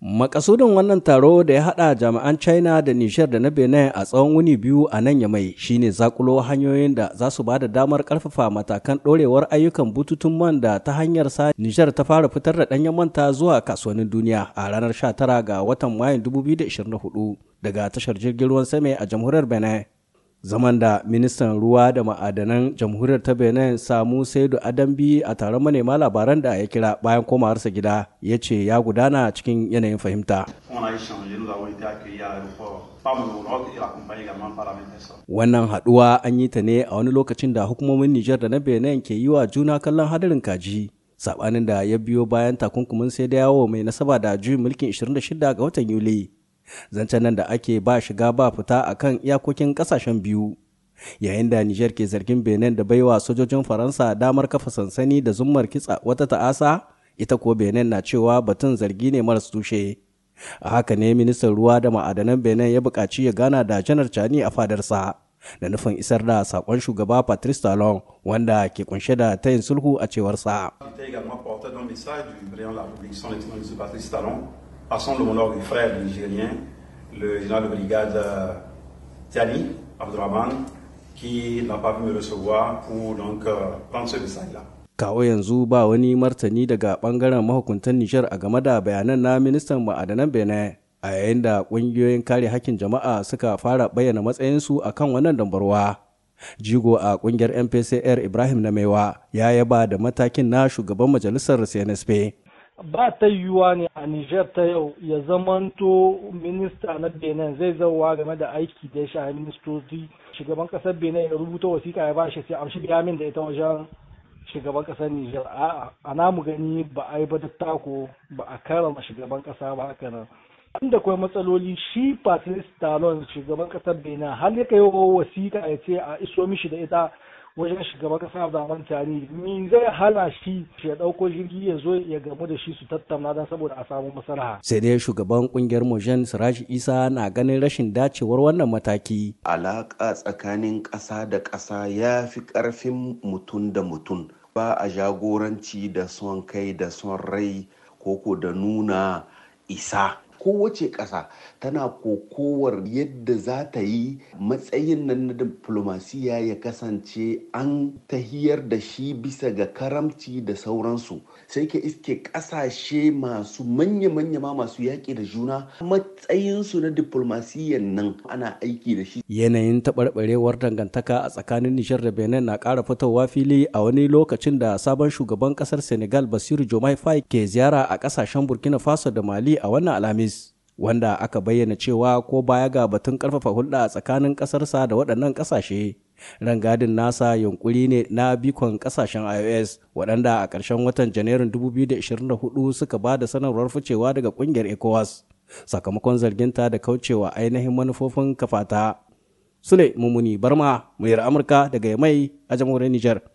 Makasudin wannan taro da ya haɗa jami'an China da Nishar da na Benin a tsawon wuni biyu a nan yamai shine zakulo hanyoyin da za su ba da damar ƙarfafa matakan ɗorewar ayyukan bututun man da ta hanyar sa Nishar ta fara fitar da ɗanyen manta zuwa kasuwannin duniya a ranar 19 ga watan Mayu 2024 daga tashar jirgin ruwan sama a jamhuriyar Benin. zaman da ministan ruwa da ma'adanan jamhuriyar ta benin samu saidu adambi a taron manema labaran da ya kira bayan komawarsa gida ya ce ya gudana cikin yanayin fahimta wannan haduwa an yi ta ne a wani lokacin da hukumomin nijar da na benin ke yi wa juna kallon hadarin kaji sabanin da ya biyo bayan takunkumin sai da yawo mai nasaba da juyin mulkin 26 ga watan yuli zancen nan da ake ba shiga ba fita a kan iyakokin ƙasashen biyu yayin da nijar ke zargin benin da baiwa sojojin faransa damar kafa sansani da zummar kitsa wata ta'asa ita ko benin na cewa batun zargi ne maras tushe a haka ne ministan ruwa da ma'adanan benin ya buƙaci ya gana da janar cani a fadarsa da nufin isar da sakon shugaba patrice talon wanda ke kunshe da tayin sulhu a cewarsa passant le honneur du frère nigérien, le général de brigade euh, Tiani Abdurrahman, qui n'a pas pu me recevoir pour donc euh, prendre ce message-là. kawo yanzu ba wani martani daga bangaren mahukuntan Nijar a game da bayanan na ministan ma'adanan Benin a yayin da kungiyoyin kare hakkin jama'a suka fara bayyana matsayinsu a kan wannan dambarwa. Jigo a kungiyar MPCR Ibrahim Namewa ya yaba da matakin na shugaban majalisar CNSP. ba ta yiwuwa ne a Nijar ta yau ya zamanto minista na Benin zai zauwa game da aiki da ya sha ministoci shugaban kasar Benin ya rubuta wasiƙa ya bashi sai amshi biya min da ita wajen shugaban kasar Nijar a'a ana mu gani ba a yi ba tako ba a karama shugaban kasa ba haka nan inda kuma matsaloli shi Patrice Talon shugaban kasar Benin har ya kai wasiƙa ya ce a iso mishi da ita wajen shugaban kasa Abdulrahman Tani ni zai hana shi ya dauko jirgi ya zo ya gamu da shi su tattauna don saboda a samu maslaha sai dai shugaban kungiyar Mojen Siraj Isa na ganin rashin dacewar wannan mataki alaka tsakanin ƙasa da ƙasa ya fi ƙarfin mutum da mutum ba a jagoranci da son kai da son rai koko da nuna isa kowace ƙasa tana kokowar yadda za ta yi matsayin nan na diplomasiya ya kasance an tahiyar da shi bisa ga karamci da sauransu sai ke iske ƙasashe masu manya-manya masu yaƙi da juna matsayinsu na diplomasiyan nan ana aiki da shi yanayin taɓarɓarewar dangantaka a tsakanin nishar da benin na ƙara fitowa fili a wani lokacin da sabon shugaban ƙasar senegal basiru jomai fai ke ziyara a ƙasashen burkina faso da mali a wannan alhamis wanda aka bayyana cewa ko baya ga batun karfafa hulɗa tsakanin ƙasarsa da waɗannan ƙasashe rangadin nasa yunkuri ne na bikon ƙasashen ios waɗanda a ƙarshen watan janairun 2024 suka ba da sanarwar ficewa daga ƙungiyar ecowas sakamakon zarginta da kaucewa ainihin manufofin kafata sule mummuni barma muyar amurka daga mai a jamhuriyar nijar.